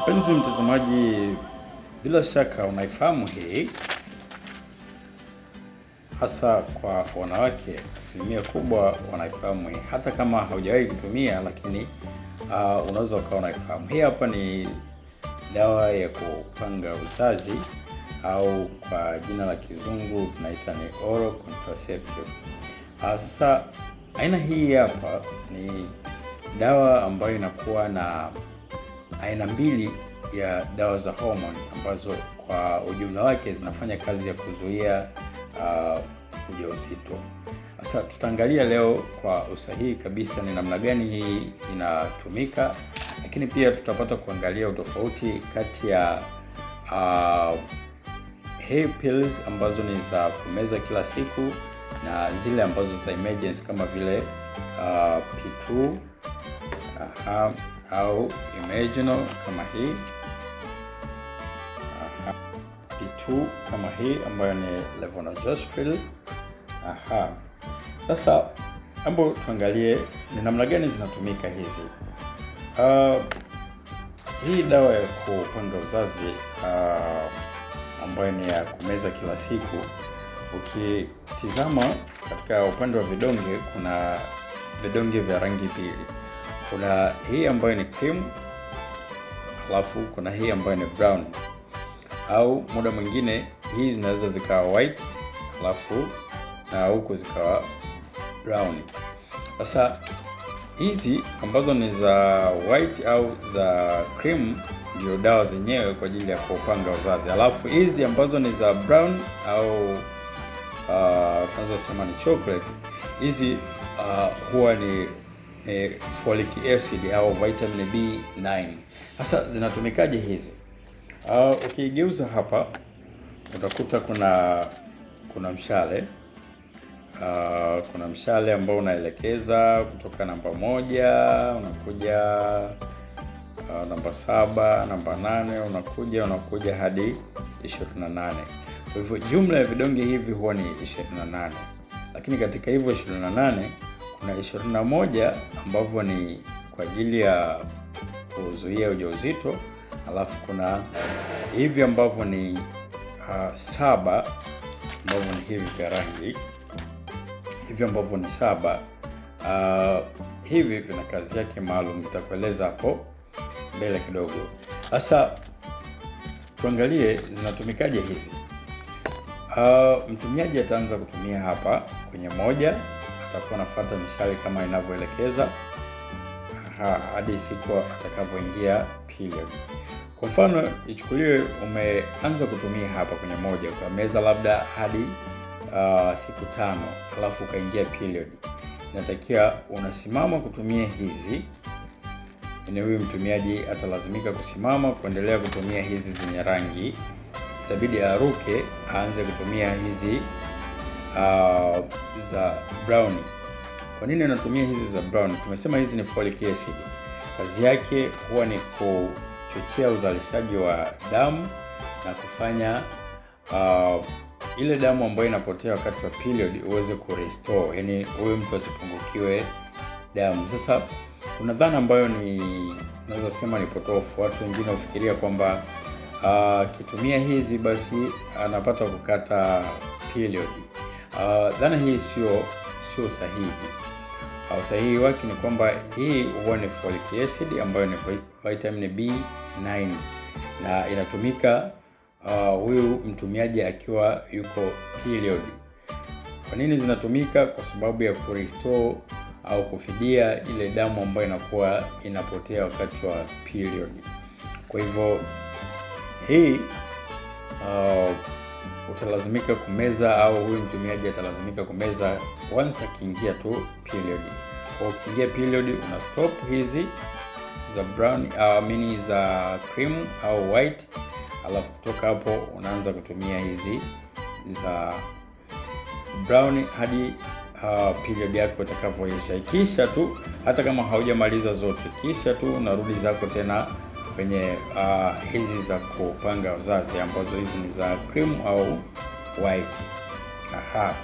Mpenzi mtazamaji, bila shaka unaifahamu hii, hasa kwa wanawake, asilimia kubwa wanaifahamu hii, hata kama haujawahi kutumia, lakini uh, unaweza ukawa unaifahamu hii. Hapa ni dawa ya kupanga uzazi au kwa jina la kizungu tunaita ni oral contraceptive. Uh, sasa aina hii hapa ni dawa ambayo inakuwa na aina mbili ya dawa za homoni ambazo kwa ujumla wake zinafanya kazi ya kuzuia uh, ujauzito. Sasa tutaangalia leo kwa usahihi kabisa ni namna gani hii inatumika, lakini pia tutapata kuangalia utofauti kati ya uh, pills ambazo ni za kumeza kila siku na zile ambazo za emergency kama vile uh, P2 uh, uh-huh au imaginal kama hii aha, D2 kama hii ambayo ni levonorgestrel. Aha, sasa hebu tuangalie ni namna gani zinatumika hizi. Uh, hii dawa ya kupanga uzazi uh, ambayo ni ya kumeza kila siku, ukitizama katika upande wa vidonge kuna vidonge vya rangi mbili kuna hii ambayo ni cream, alafu kuna hii ambayo ni brown, au muda mwingine hii zinaweza zikawa white alafu na huku zikawa brown. Sasa hizi ambazo ni za white au za cream ndio dawa zenyewe kwa ajili ya kupanga uzazi, alafu hizi ambazo ni za brown au ah, tunaweza uh, sema ni chocolate hizi uh, huwa ni eh, folic acid au vitamin B9. Sasa zinatumikaje hizi? Ah, ukiigeuza uh, okay, hapa utakuta kuna kuna mshale uh, kuna mshale ambao unaelekeza kutoka namba moja unakuja uh, namba saba namba nane unakuja unakuja hadi 28. Kwa hivyo jumla ya vidonge hivi huwa ni 28, lakini katika hivyo 28 kuna 21 ambavyo ni kwa ajili ya kuzuia ujauzito, alafu kuna hivi ambavyo ni uh, saba ambavyo ni hivi vya rangi hivi ambavyo ni saba uh, hivi vina kazi yake maalum, nitakueleza hapo mbele kidogo. Sasa tuangalie zinatumikaje hizi. Uh, mtumiaji ataanza kutumia hapa kwenye moja tutakuwa nafuata mishale kama inavyoelekeza hadi siku atakavyoingia period. Kwa mfano, ichukuliwe umeanza kutumia hapa kwenye moja, ukameza labda hadi uh, siku tano, alafu ukaingia period, inatakiwa unasimama kutumia hizi ene. Yaani huyu mtumiaji atalazimika kusimama kuendelea kutumia hizi zenye rangi, itabidi aruke aanze kutumia hizi uh, za brown. Kwa nini anatumia hizi za brown? Tumesema hizi ni folic acid. Kazi yake huwa ni kuchochea uzalishaji wa damu na kufanya uh, ile damu ambayo inapotea wakati wa period uweze kurestore, yani huyu mtu asipungukiwe damu. Sasa kuna dhana ambayo ni naweza sema ni potofu. Watu wengine hufikiria kwamba uh, akitumia uh, hizi basi anapata kukata period. Uh, dhana hii sio sio sahihi. Ah, usahihi wake ni kwamba hii huwa ni folic acid ambayo ni vitamin B9 na inatumika uh, huyu mtumiaji akiwa yuko period. Kwa nini zinatumika? Kwa sababu ya kurestore au kufidia ile damu ambayo inakuwa inapotea wakati wa period. Kwa hivyo hii uh, utalazimika kumeza au huyu mtumiaji atalazimika kumeza once akiingia tu period. Kwa ukiingia period una stop hizi za brown uh, mini za cream au white, alafu kutoka hapo unaanza kutumia hizi za brown hadi uh, period yako itakavyoisha. Kisha tu hata kama haujamaliza zote, kisha tu unarudi zako tena kwenye uh, hizi za kupanga uzazi ambazo hizi ni za cream au white. Aha.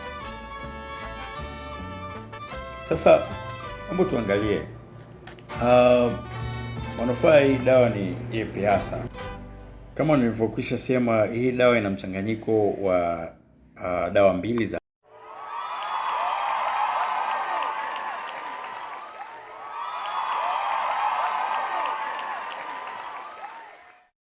Sasa hebu tuangalie uh, manufaa hii dawa ni ipi hasa? Kama nilivyokwisha sema, hii dawa ina mchanganyiko wa uh, dawa mbili za